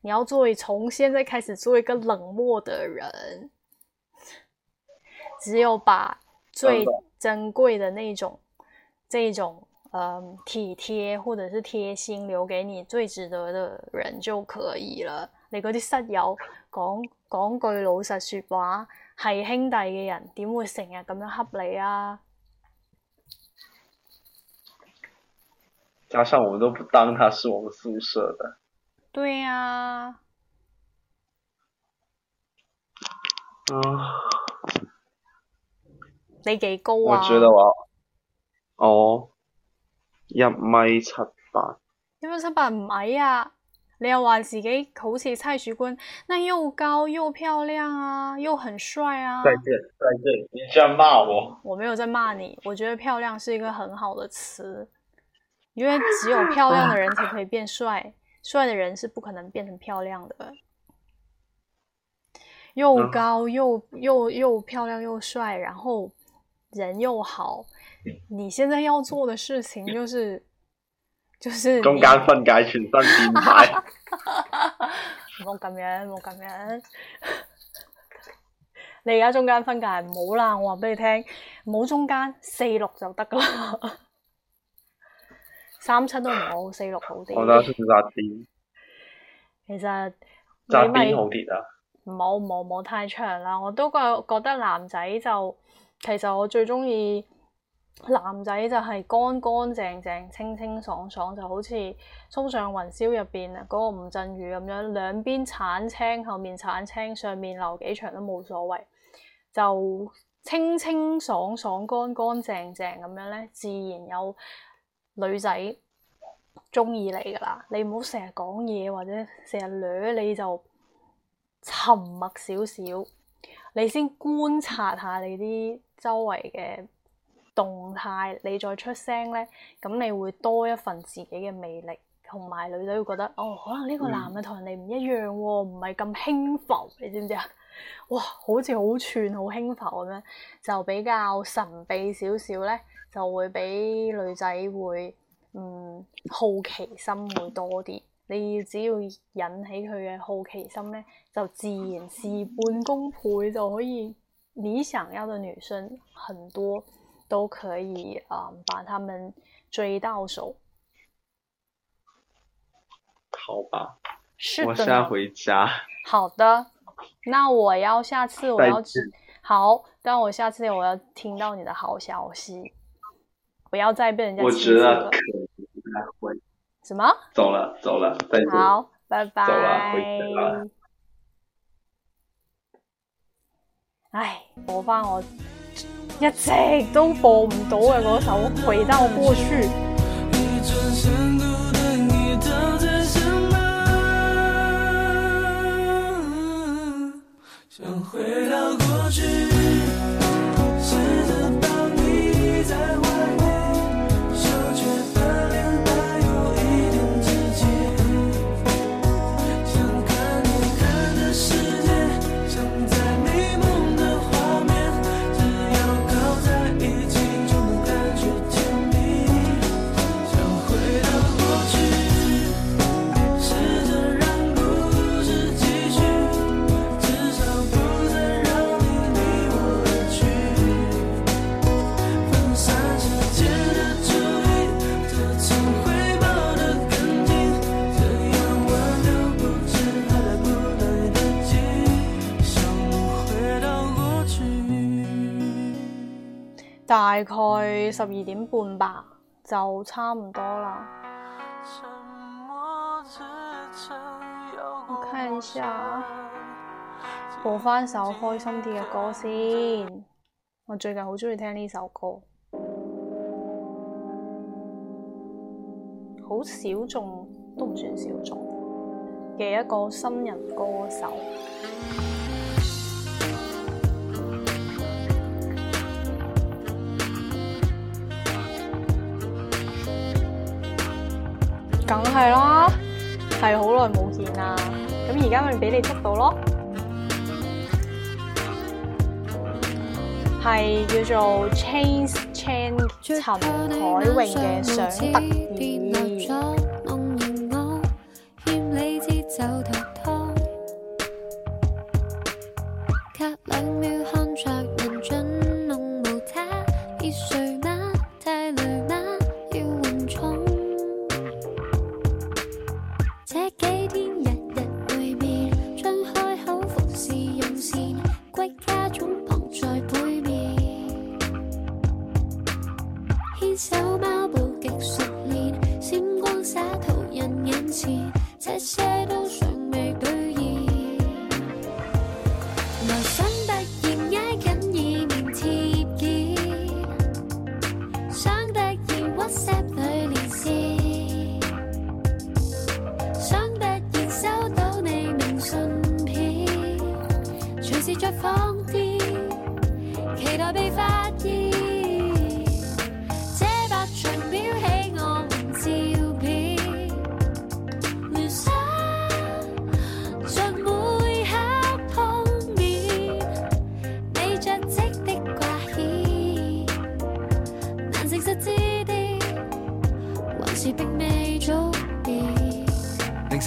你要做從現在開始做一個冷漠的人，只有把最珍貴的那種、嗯、這種嗯，體貼或者是貼心留給你最值得的人就可以了。你啲室友講講句老實說話，係兄弟嘅人點會成日咁樣恰你啊？加上我們都不當他是我們宿舍的。對呀、啊，uh, 你幾高啊？我覺得我哦，一米七八。一米七八唔矮啊！你又話自己口，比起蔡徐坤，那又高又漂亮啊，又很帥啊！再見，再見！你在罵我？我沒有在罵你，我覺得漂亮是一個很好的詞，因為只有漂亮的人才可以變帥。Uh. 帥嘅人是不可能變成漂亮的，又高又、啊、又又，又漂亮又帥，然後人又好。你現在要做的事情就是，就是中間， 中間分解，全身變態。冇咁樣，冇咁樣。你而家中間分解唔好啦，我話俾你聽，冇中間四六就得㗎喇。 三七都唔好，四六好啲。我打三打二。其實不不，側邊好啲啊？冇冇冇太長啦。我都覺覺得男仔就其實我最鍾意男仔就係乾乾淨淨、清清爽爽，就好似《衝上雲霄》入邊嗰個吳鎮宇咁樣，兩邊鏟青，後面鏟青，上面留幾長都冇所謂，就清清爽爽、乾乾淨淨咁樣咧，自然有。女仔中意你㗎喇，你唔好成日講嘢或者成日捋，你就沉默少少，你先觀察下你啲周圍嘅動態，你再出聲咧，咁你會多一份自己嘅魅力，同埋女仔會覺得哦，可能呢個男嘅同人哋唔一樣喎，唔係咁輕浮，你知唔知啊？哇，好似好串好輕浮咁樣，就比較神秘少少咧。就會比女仔會，嗯，好奇心會多啲。你只要引起佢嘅好奇心呢，就自然事半功倍就可以。你想要嘅女生很多，都可以啊，嗯，把他們追到手。好吧，是我先回家。好的，那我要下次我要，好，但我下次我要聽到你的好消息。不要再被人家欺負了，我知道、啊！什麼？走了，走了，再見！好，拜拜，走了，走了。哎，播放我一直都播唔到嘅嗰首《回到過去》。 大概十二點半吧，就差唔多啦。我看一下，播翻首開心啲嘅歌先。我最近好鍾意聽呢首歌很少，好小眾都唔算小眾嘅一個新人歌手。梗係啦，係好耐冇見啦，咁而家咪畀你捉到咯，係叫做 Chains Chain 陳凱榮嘅相得意。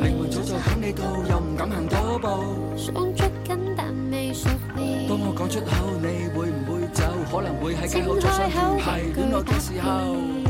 靈魂早就等你到，又唔敢行多步。想捉緊但未熟你，當我講出口，你會唔會走？可能會喺街口再相遇，係戀愛嘅時候。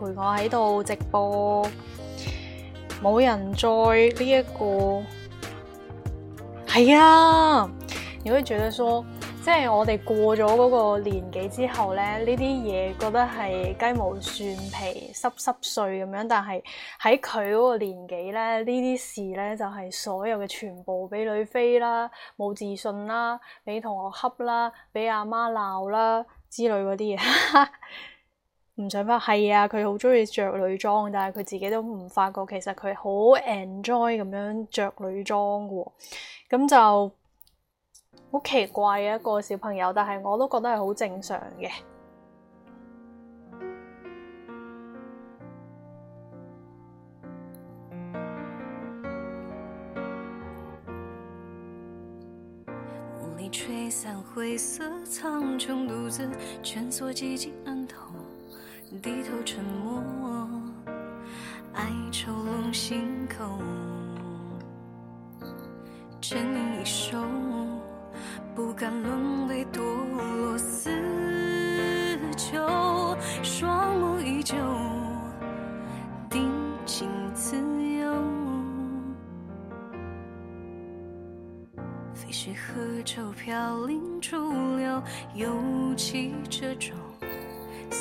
陪我喺度直播，冇人再呢一個係啊！如果你覺得說，即係我哋過咗嗰個年紀之後咧，呢啲嘢覺得係雞毛蒜皮、濕濕碎咁樣，但係喺佢嗰個年紀咧，呢啲事咧就係所有嘅全部俾，女飛啦，冇自信啦，俾同學恰啦，俾阿媽鬧啦之類嗰啲嘢。唔想翻，係啊！佢好中意着女裝，但係佢自己都唔發覺，其實佢好 enjoy 咁樣着女裝嘅，咁就好奇怪嘅一個小朋友。但係我都覺得係好正常嘅。夢裏吹上灰色低頭沉默，哀愁攏心口。沉吟一首，不敢淪為墮落死囚。雙目依舊，定情自由。飛絮何愁飄零逐流，又豈折衷？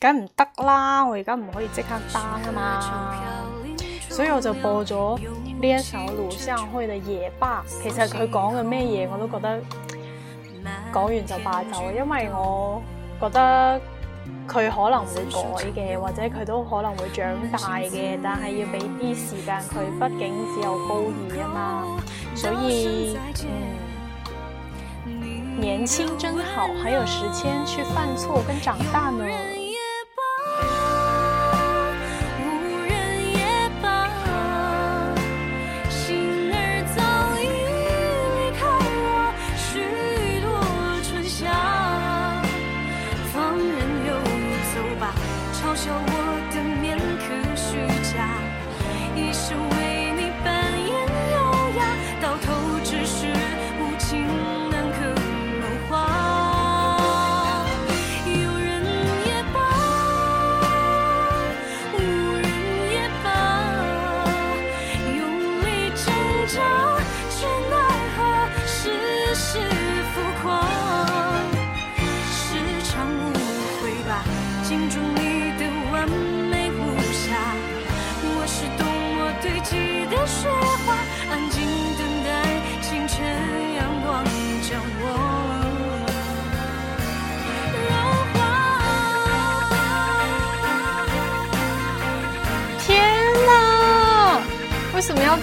梗唔得啦，我而家唔可以即刻單啊嘛，所以我就播咗呢一首羅相輝嘅夜巴，其實佢講嘅咩嘢我都覺得講完就罷就，因為我覺得佢可能會改嘅，或者佢都可能會長大嘅，但係要俾啲時間佢，畢竟只有高二啊嘛，所以嗯，年輕真好，還有時間去犯錯跟長大呢。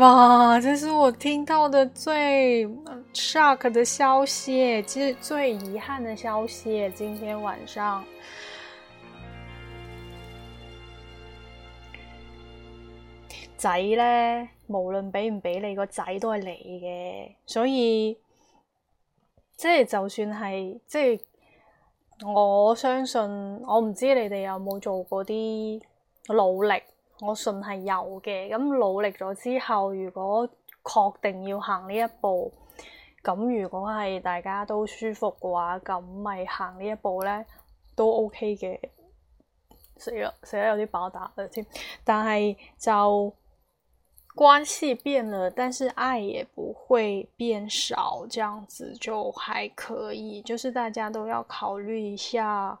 哇！這是我聽到的最 shock 的消息，其實最遺憾的消息。今天晚上仔 呢，無論畀唔畀你個仔都係你嘅，所以即係、即係、就算係即係，即係、我相信我唔知你哋有冇做過啲努力。我信係有嘅，咁努力咗之後，如果確定要行呢一步，咁如果係大家都舒服嘅話，咁咪行呢一步咧都 OK 嘅。死啦，死啦，有啲飽打嘅添，但係就關係變了，但是愛也不會變少，這樣子就還可以，就是大家都要考慮一下。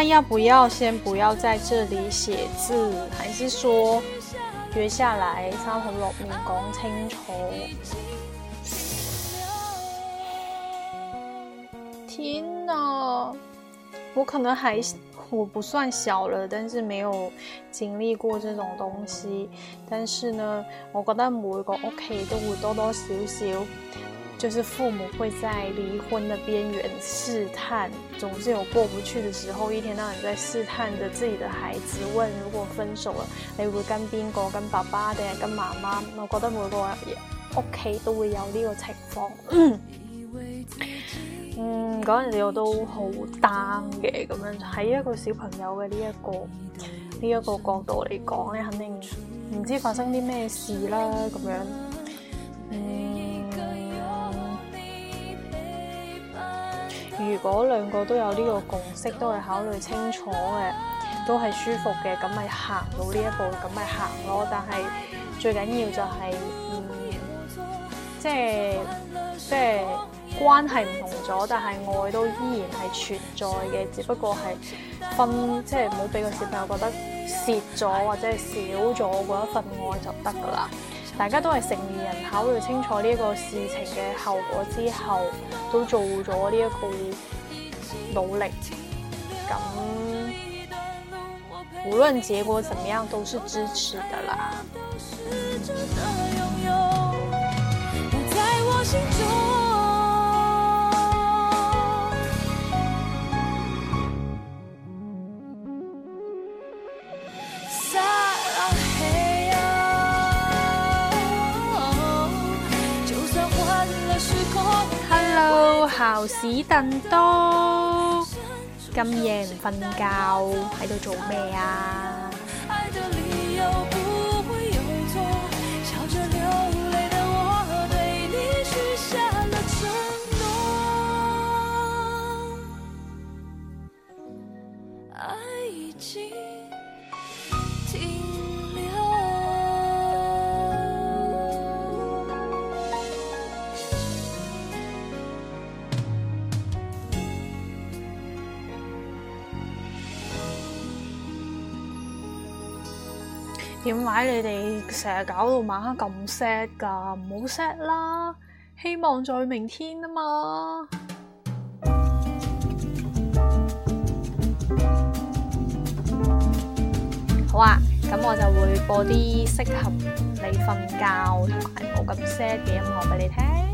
但要不要先不要在這裏寫字？還是說約下來三十六米工清楚，天哪，我可能還我不算小了，但是沒有經歷過這種東西。但是呢，我覺得每個屋企，都會多多少少。就是父母會在離婚的邊緣試探，總是有過不去的時候，一天到晚在試探着自己的孩子，問如果分手了你會，會跟邊個，跟爸爸定係跟媽媽？我覺得每個屋企都會有呢個情況。 嗯，嗰陣時我都好 down 嘅，咁樣喺一個小朋友嘅呢一個呢一個角度嚟講咧，肯定唔知發生啲咩事啦，咁樣，嗯。如果兩個都有呢個共識，都係考慮清楚嘅，都係舒服嘅，咁咪行到呢一步，咁咪行咯。但係最緊要就係，即係即係關係唔同咗，但係愛都依然係存在嘅，只不過係分，即係唔好俾個小朋友覺得蝕咗或者係少咗嗰一份愛就得㗎喇。大家都係成年人，考慮清楚呢一個事情嘅後果之後，都做咗呢一個努力咁。無論結果怎麼樣，都係支持的啦。刨屎凳多，今夜唔瞓覺，喺度做咩啊？點解你哋成日搞到晚黑咁 sad 噶？唔好 sad 啦，希望在明天啊嘛。好啊，咁我就會播啲適合你瞓覺同埋冇咁 sad 嘅音樂俾你聽。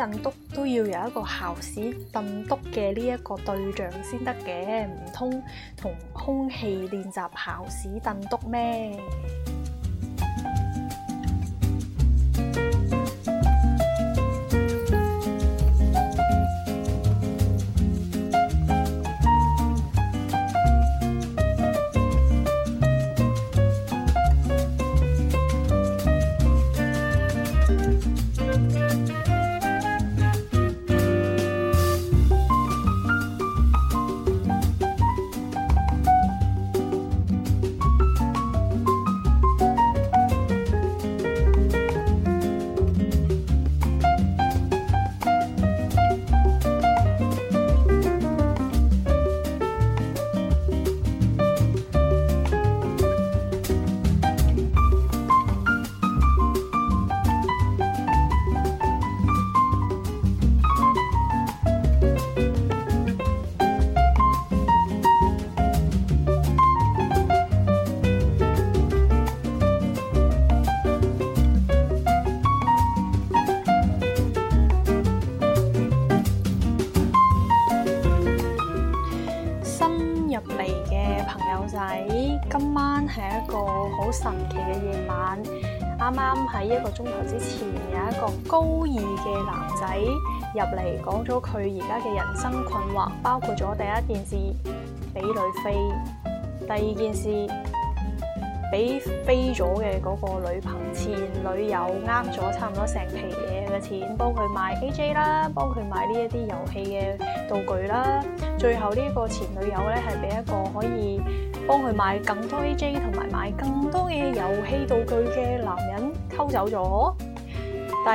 振督都要有一個姣屎振督嘅呢一個對象先得嘅，唔通同空氣練習姣屎振督咩？入嚟講咗佢而家嘅人生困惑，包括咗第一件事俾女飛，第二件事俾飛咗嘅嗰個女朋友前女友呃咗差唔多成皮嘢嘅錢，幫佢買 AJ 啦，幫佢買呢一啲遊戲嘅道具啦，最後呢個前女友咧係俾一個可以幫佢買更多 AJ 同埋買更多嘅遊戲道具嘅男人偷走咗。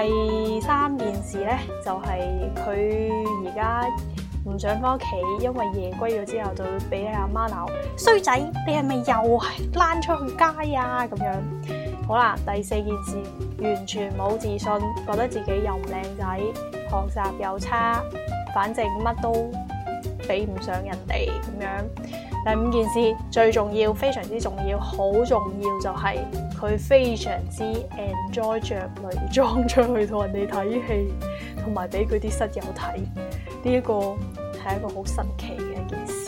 第三件事咧，就係佢而家唔想返屋企，因為夜歸咗之後就會俾阿媽鬧，衰仔，你係咪又係躝出去街啊？咁樣，好啦，第四件事完全冇自信，覺得自己又唔靚仔，學習又差，反正乜都比唔上人哋咁樣。第五件事最重要，非常之重要，好重要就係佢非常之 enjoy 着女裝出去同人哋睇戲，同埋俾佢啲室友睇，呢一個係一個好神奇嘅一件事。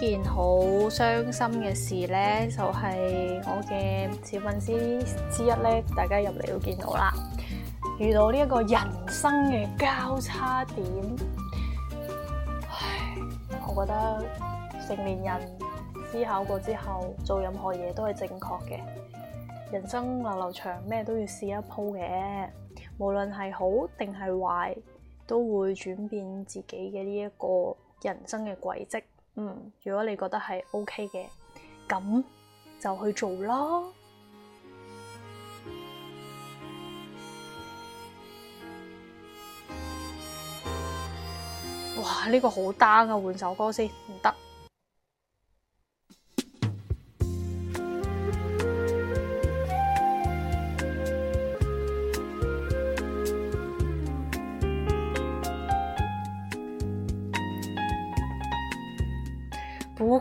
一件好傷心嘅事呢，就係、是、我嘅小粉絲之一呢。大家入嚟，都見到啦。遇到呢一個人生嘅交叉點，我覺得成年人思考過之後做任何嘢，都係正確嘅。人生流流長，咩都要試一鋪嘅，無論係好定係壞，都會轉變自己嘅呢一個人生嘅軌跡。嗯，如果你覺得係 OK 嘅，咁就去做咯。哇，呢個好 down 啊，換首歌先，唔得。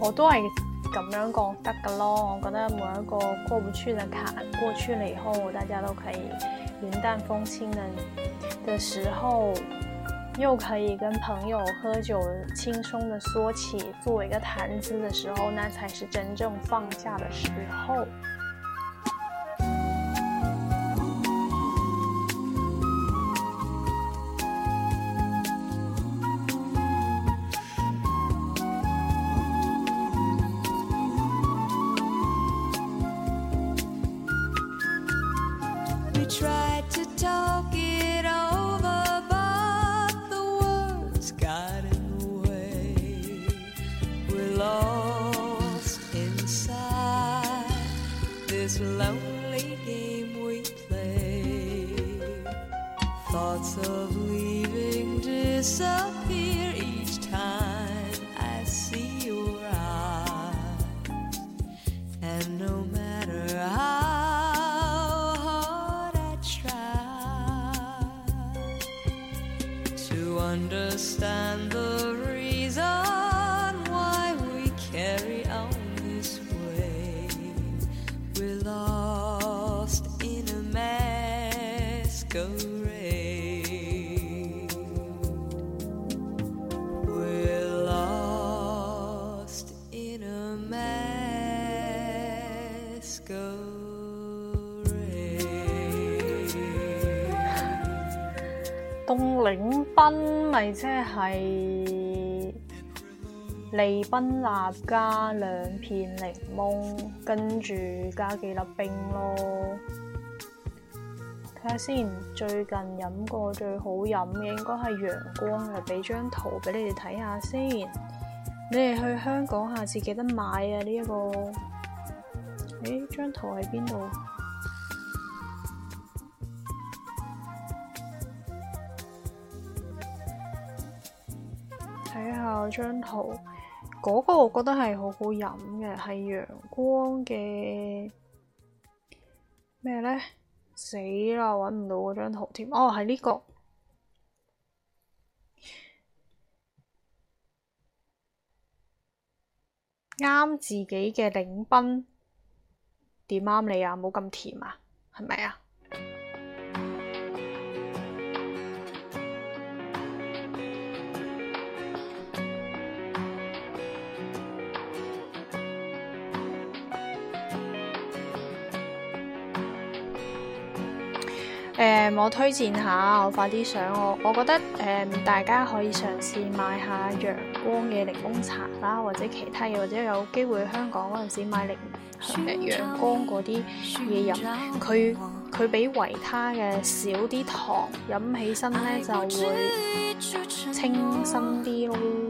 我都係咁樣講得噶咯，我覺得每一個過不去嘅坎過去了以後，大家都可以雲淡風輕的的時候，又可以跟朋友喝酒輕鬆的說起，做一個談資的時候，那才是真正放下的時候。係利賓納加兩片檸檬，跟住加幾粒冰咯。睇下先，最近飲過最好飲嘅應該係陽光嘅，俾張圖俾你哋睇下先。你哋去香港下次記得買啊！呢一個誒，張圖喺邊度？睇下張圖，嗰個我覺得係好好飲嘅，係陽光嘅咩呢？死啦，揾唔到嗰張圖添。哦，係呢個啱自己嘅領賓，點啱你啊？冇咁甜啊，係咪啊？誒、嗯，我推薦下，我發啲相我，我覺得誒、嗯，大家可以嘗試買下陽光嘅檸檬茶啦，或者其他嘢。或者有機會香港嗰陣時買檸誒陽光嗰啲嘢飲，佢佢比維他嘅少啲糖，飲起身咧就會清新啲咯。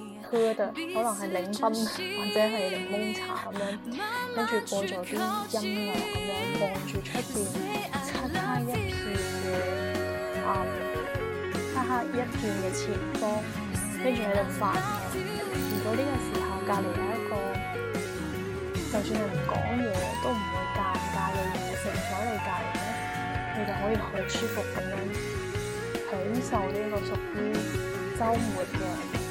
Good. 可能係檸檬，或者係檸檬茶咁樣，跟住播咗啲音樂咁樣，望住出邊漆黑一片嘅啊，黑、嗯、漆黑一片嘅前方，跟住喺度發夢。如果呢個時候隔離有一個，就算你唔講嘢都唔會尷尬嘅人坐咗你隔離，你就可以好舒服咁樣享受呢個屬於週末嘅。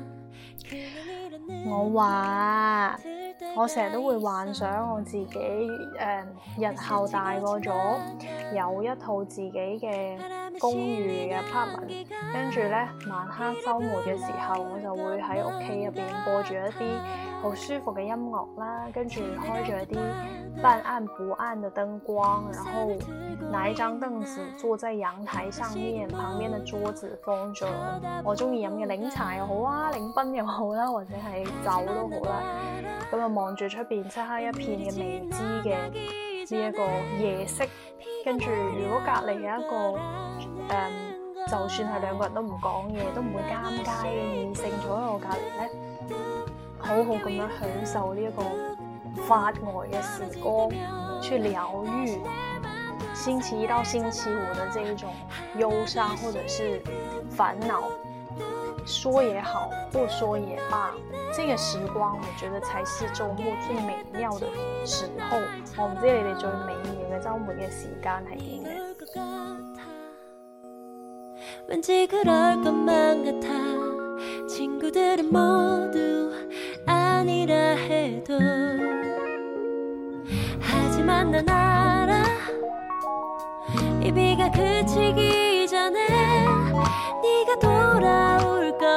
我話我成日都會幻想我自己、嗯、日後大個咗有一套自己的公寓嘅 apartment，跟住咧晚黑周末嘅時候，我就會喺屋企入邊播住一啲好舒服嘅音樂啦，跟住開住一啲半暗不暗嘅燈光，然後拿一張凳子坐在陽台上面， 旁邊的桌子放住我鍾意飲嘅奶茶又好啊，檸檳又好啦，或者係，走都好啦，咁啊望住出邊漆黑一片嘅未知嘅呢一個夜色，跟住如果隔籬係一個誒、嗯，就算係兩個人都唔講嘢，都唔會尷尬嘅異性坐喺我隔籬咧，好好咁樣享受呢一個發呆嘅時光，去療癒星期一到星期五嘅這一種憂傷或者是煩惱。說也好，不說也罷，這個時光我覺得才是周末最美妙的時候。哦、我唔知你哋最美妙嘅周末嘅時間係點嘅？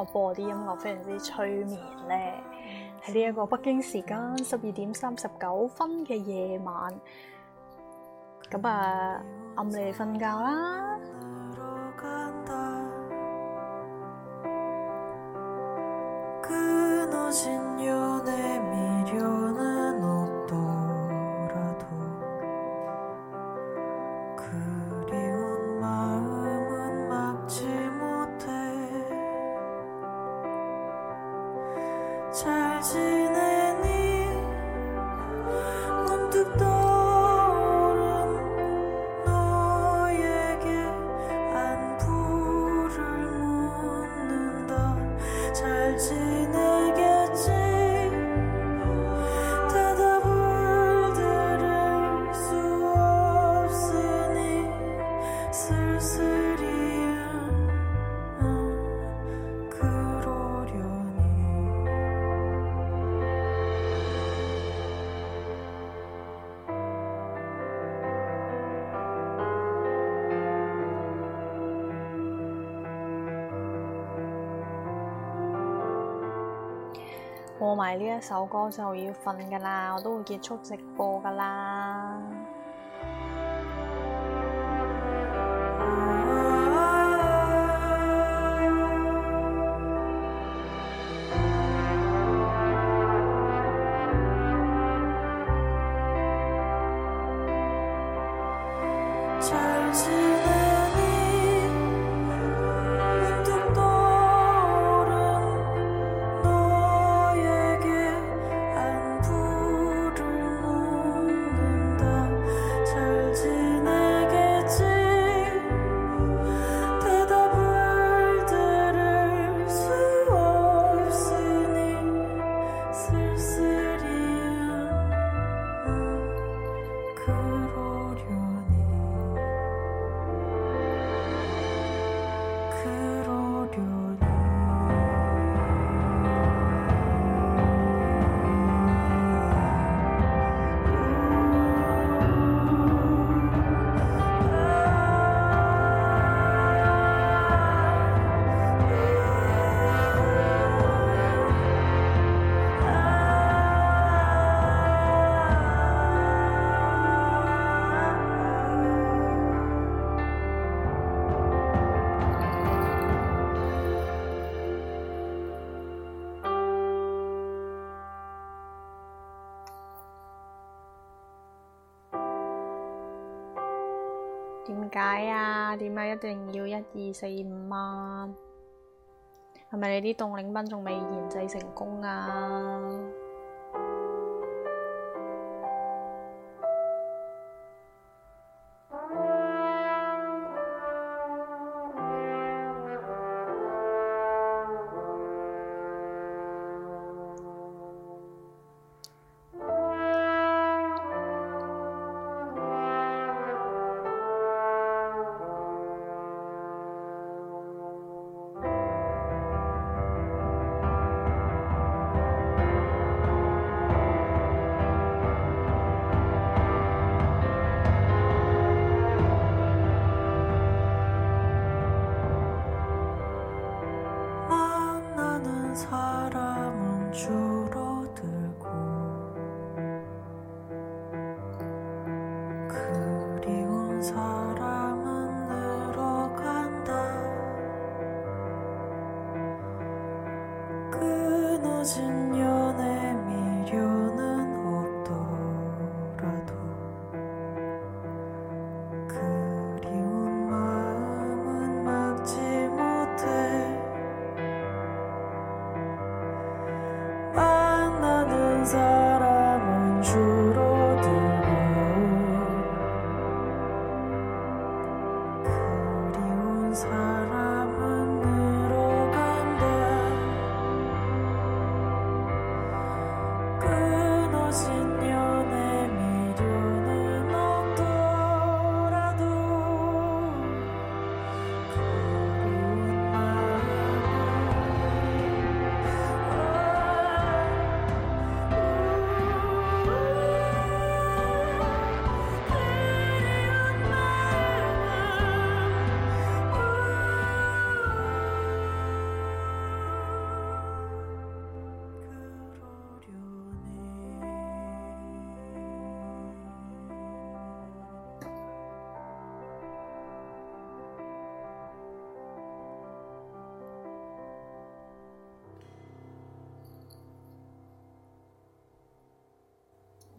我播啲音樂非常之催眠咧，喺呢一個北京時間十二點三十九分嘅夜晚，咁啊啱你哋瞓覺啦。 呢首歌就要瞓噶啦，我都會結束直播噶啦。點、啊、解一定要一二四五啊？係咪你啲凍齡兵仲未研製成功啊？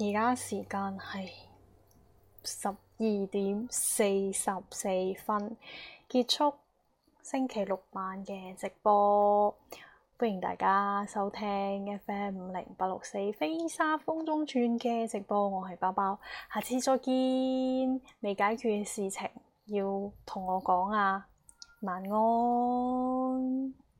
而家時間係十二點四十四分，結束星期六晚嘅直播，歡迎大家收聽 FM 五零八六四飛沙風中轉嘅直播。我係包包，下次再見。未解決嘅事情要同我講啊！晚安。